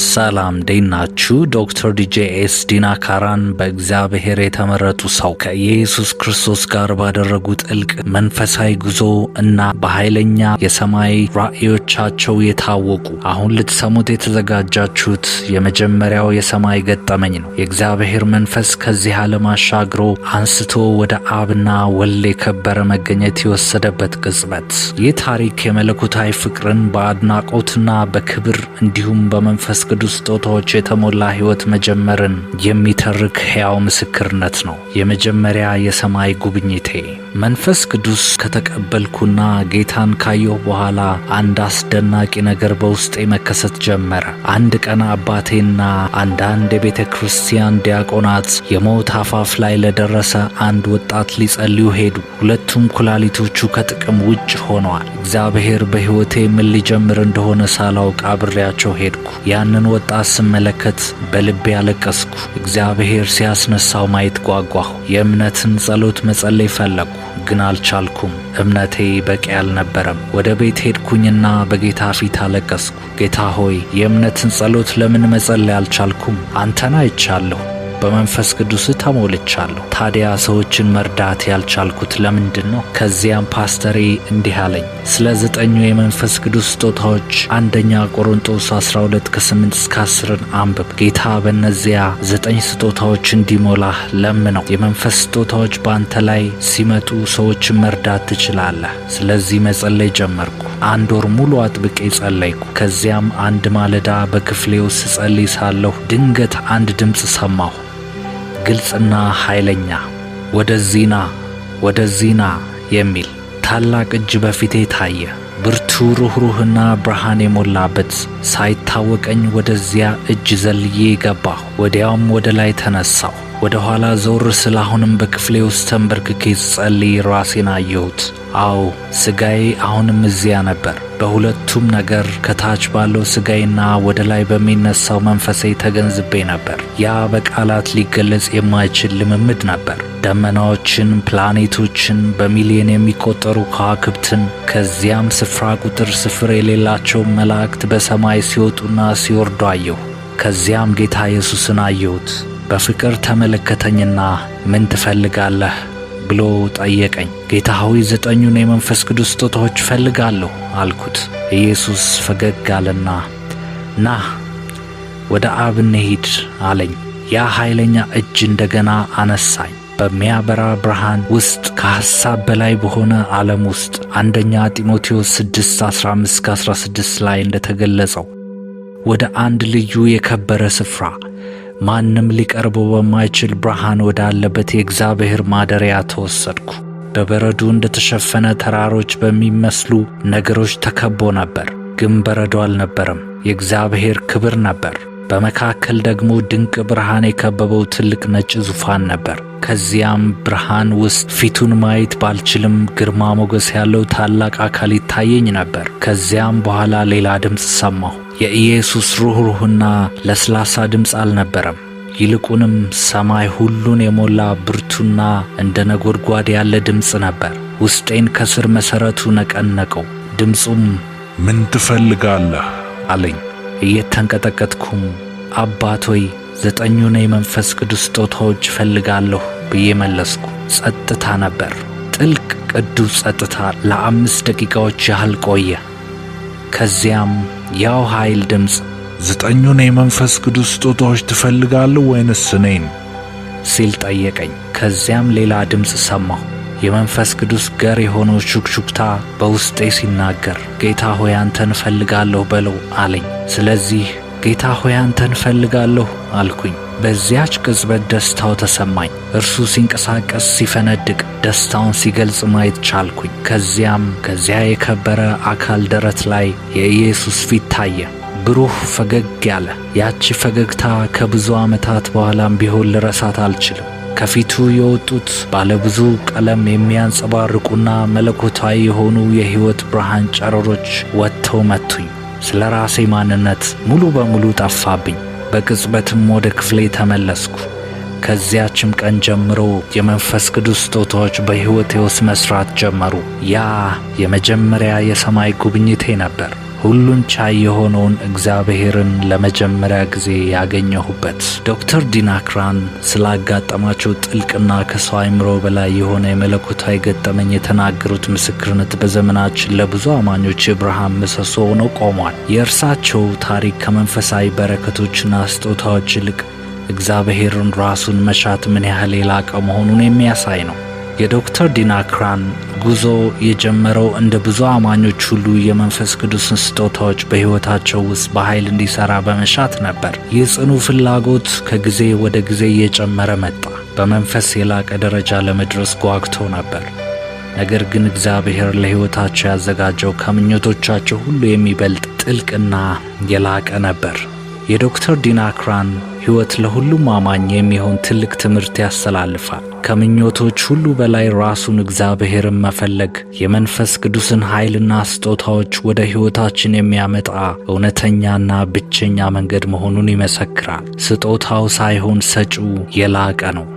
ሰላም ዴናችሁ ዶክተር ዲጄ ኤስ ዲና ካራን በእግዚአብሔር የተመረጡ ሰው ከኢየሱስ ክርስቶስ ጋር ባደረጉ ጥልቅ መንፈሳዊ ጉዞ እና በኃይለኛ የሰማይ ራእዮቻቸው የታወቁ አሁን ልትሰሙት የተዘጋጃችሁት የመጀመሪያው የሰማይ ገጠመኝ ነው። የእግዚአብሔር መንፈስ ከዚህ ዓለም አሻግሮ አንስቶ ወደ አብና ወል የከበረ መገኘት የወሰደበት ቅጽበት። ይህ ታሪክ የመለኮታዊ ፍቅርን በአድናቆትና በክብር እንዲሁም በመንፈስ በመንፈስ ቅዱስ ስጦታዎች የተሞላ ሕይወት መጀመርን የሚተርክ ሕያው ምስክርነት ነው። የመጀመሪያ የሰማይ ጉብኝቴ መንፈስ ቅዱስ ከተቀበልኩና ጌታን ካየሁ በኋላ አንድ አስደናቂ ነገር በውስጤ መከሰት ጀመረ። አንድ ቀን አባቴና አንዳንድ የቤተ ክርስቲያን ዲያቆናት የሞት አፋፍ ላይ ለደረሰ አንድ ወጣት ሊጸልዩ ሄዱ። ሁለቱም ኩላሊቶቹ ከጥቅም ውጭ ሆነዋል። እግዚአብሔር በሕይወቴ ምን ሊጀምር እንደሆነ ሳላውቅ አብሬያቸው ሄድኩ። ያን ያንን ወጣት ስመለከት በልቤ ያለቀስኩ፣ እግዚአብሔር ሲያስነሳው ማየት ጓጓሁ። የእምነትን ጸሎት መጸለይ ፈለግኩ፣ ግን አልቻልኩም። እምነቴ በቂ አልነበረም። ወደ ቤት ሄድኩኝና በጌታ ፊት አለቀስኩ። ጌታ ሆይ የእምነትን ጸሎት ለምን መጸለይ አልቻልኩም? አንተን አይቻለሁ በመንፈስ ቅዱስ ተሞልቻለሁ። ታዲያ ሰዎችን መርዳት ያልቻልኩት ለምንድን ነው? ከዚያም ፓስተሬ እንዲህ አለኝ። ስለ ዘጠኙ የመንፈስ ቅዱስ ስጦታዎች አንደኛ ቆሮንጦስ 12 ከ8 እስከ 10ን አንብብ። ጌታ በእነዚያ ዘጠኝ ስጦታዎች እንዲሞላህ ለምነው። የመንፈስ ስጦታዎች በአንተ ላይ ሲመጡ ሰዎችን መርዳት ትችላለህ። ስለዚህ መጸለይ ጀመርኩ። አንድ ወር ሙሉ አጥብቄ ጸለይኩ። ከዚያም አንድ ማለዳ ውስጥ ጸልይ ሳለሁ ድንገት አንድ ድምፅ ሰማሁ። ግልጽና ኃይለኛ ወደዚህ ና ወደዚህ ና የሚል ታላቅ እጅ በፊቴ ታየ። ብርቱ ሩኅሩኅና ብርሃን የሞላበት ሳይታወቀኝ ወደዚያ እጅ ዘልዬ ገባሁ። ወዲያውም ወደ ላይ ተነሳሁ። ወደ ኋላ ዘውር ስለ አሁንም በክፍሌ ውስጥ ተንበርክኬ ጸልይ ራሴን አየሁት። አዎ ስጋዬ አሁንም እዚያ ነበር። በሁለቱም ነገር ከታች ባለው ስጋዬና ወደ ላይ በሚነሳው መንፈሴ ተገንዝቤ ነበር። ያ በቃላት ሊገለጽ የማይችል ልምምድ ነበር። ደመናዎችን፣ ፕላኔቶችን፣ በሚሊዮን የሚቆጠሩ ከዋክብትን ከዚያም ስፍራ ቁጥር ስፍር የሌላቸው መላእክት በሰማይ ሲወጡና ሲወርዱ አየሁ። ከዚያም ጌታ ኢየሱስን አየሁት። በፍቅር ተመለከተኝና ምን ትፈልጋለህ ብሎ ጠየቀኝ። ጌታ ሆይ ዘጠኙን የመንፈስ ቅዱስ ስጦታዎች እፈልጋለሁ አልኩት። ኢየሱስ ፈገግ አለና ና ወደ አብ እንሂድ አለኝ። ያ ኃይለኛ እጅ እንደገና አነሳኝ። በሚያበራ ብርሃን ውስጥ ከሐሳብ በላይ በሆነ ዓለም ውስጥ አንደኛ ጢሞቴዎስ 6 15-16 ላይ እንደተገለጸው ወደ አንድ ልዩ የከበረ ስፍራ ማንም ሊቀርበው በማይችል ብርሃን ወዳለበት የእግዚአብሔር ማደሪያ ተወሰድኩ። በበረዶ እንደተሸፈነ ተራሮች በሚመስሉ ነገሮች ተከቦ ነበር፣ ግን በረዶ አልነበረም። የእግዚአብሔር ክብር ነበር። በመካከል ደግሞ ድንቅ ብርሃን የከበበው ትልቅ ነጭ ዙፋን ነበር። ከዚያም ብርሃን ውስጥ ፊቱን ማየት ባልችልም ግርማ ሞገስ ያለው ታላቅ አካል ይታየኝ ነበር። ከዚያም በኋላ ሌላ ድምፅ ሰማሁ። የኢየሱስ ሩኅሩኅና ለስላሳ ድምፅ አልነበረም። ይልቁንም ሰማይ ሁሉን የሞላ ብርቱና እንደ ነጎድጓድ ያለ ድምፅ ነበር። ውስጤን ከስር መሠረቱ ነቀነቀው። ድምፁም ምን ትፈልጋለህ አለኝ። እየተንቀጠቀጥኩም አባት ሆይ ዘጠኙን የመንፈስ ቅዱስ ስጦታዎች እፈልጋለሁ ብዬ መለስኩ። ጸጥታ ነበር። ጥልቅ ቅዱስ ጸጥታ ለአምስት ደቂቃዎች ያህል ቆየ። ከዚያም ያው ኃይል ድምፅ ዘጠኙን የመንፈስ ቅዱስ ስጦታዎች ትፈልጋለሁ ወይንስ እኔን ሲል ጠየቀኝ። ከዚያም ሌላ ድምፅ ሰማሁ። የመንፈስ ቅዱስ ገር የሆነው ሹክሹክታ በውስጤ ሲናገር ጌታ ሆይ አንተን እፈልጋለሁ በለው አለኝ። ስለዚህ ጌታ ሆይ አንተን እፈልጋለሁ አልኩኝ። በዚያች ቅጽበት ደስታው ተሰማኝ። እርሱ ሲንቀሳቀስ፣ ሲፈነድቅ፣ ደስታውን ሲገልጽ ማየት ቻልኩኝ። ከዚያም ከዚያ የከበረ አካል ደረት ላይ የኢየሱስ ፊት ታየ። ብሩህ ፈገግ ያለ። ያቺ ፈገግታ ከብዙ ዓመታት በኋላም ቢሆን ልረሳት አልችልም። ከፊቱ የወጡት ባለብዙ ቀለም የሚያንጸባርቁና መለኮታዊ የሆኑ የሕይወት ብርሃን ጨረሮች ወጥተው መቱኝ። ስለ ራሴ ማንነት ሙሉ በሙሉ ጠፋብኝ። በቅጽበትም ወደ ክፍሌ ተመለስኩ። ከዚያችም ቀን ጀምሮ የመንፈስ ቅዱስ ስጦታዎች በሕይወቴ ውስጥ መሥራት ጀመሩ። ያ የመጀመሪያ የሰማይ ጉብኝቴ ነበር። ሁሉን ቻይ የሆነውን እግዚአብሔርን ለመጀመሪያ ጊዜ ያገኘሁበት። ዶክተር ዲናክራን ስላጋጠማቸው ጥልቅና ከሰው አይምሮ በላይ የሆነ የመለኮታዊ ገጠመኝ የተናገሩት ምስክርነት በዘመናችን ለብዙ አማኞች የብርሃን ምሰሶ ሆኖ ቆሟል። የእርሳቸው ታሪክ ከመንፈሳዊ በረከቶችና ስጦታዎች ይልቅ እግዚአብሔርን ራሱን መሻት ምን ያህል የላቀ መሆኑን የሚያሳይ ነው። የዶክተር ዲናክራን ጉዞ የጀመረው እንደ ብዙ አማኞች ሁሉ የመንፈስ ቅዱስን ስጦታዎች በሕይወታቸው ውስጥ በኃይል እንዲሰራ በመሻት ነበር። ይህ ጽኑ ፍላጎት ከጊዜ ወደ ጊዜ እየጨመረ መጣ። በመንፈስ የላቀ ደረጃ ለመድረስ ጓግቶ ነበር። ነገር ግን እግዚአብሔር ለሕይወታቸው ያዘጋጀው ከምኞቶቻቸው ሁሉ የሚበልጥ ጥልቅና የላቀ ነበር። የዶክተር ዲናክራን ሕይወት ለሁሉም አማኝ የሚሆን ትልቅ ትምህርት ያስተላልፋል። ከምኞቶች ሁሉ በላይ ራሱን እግዚአብሔርን መፈለግ የመንፈስ ቅዱስን ኃይልና ስጦታዎች ወደ ሕይወታችን የሚያመጣ እውነተኛና ብቸኛ መንገድ መሆኑን ይመሰክራል። ስጦታው ሳይሆን ሰጪው የላቀ ነው።